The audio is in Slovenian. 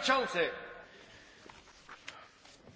przewodniczący!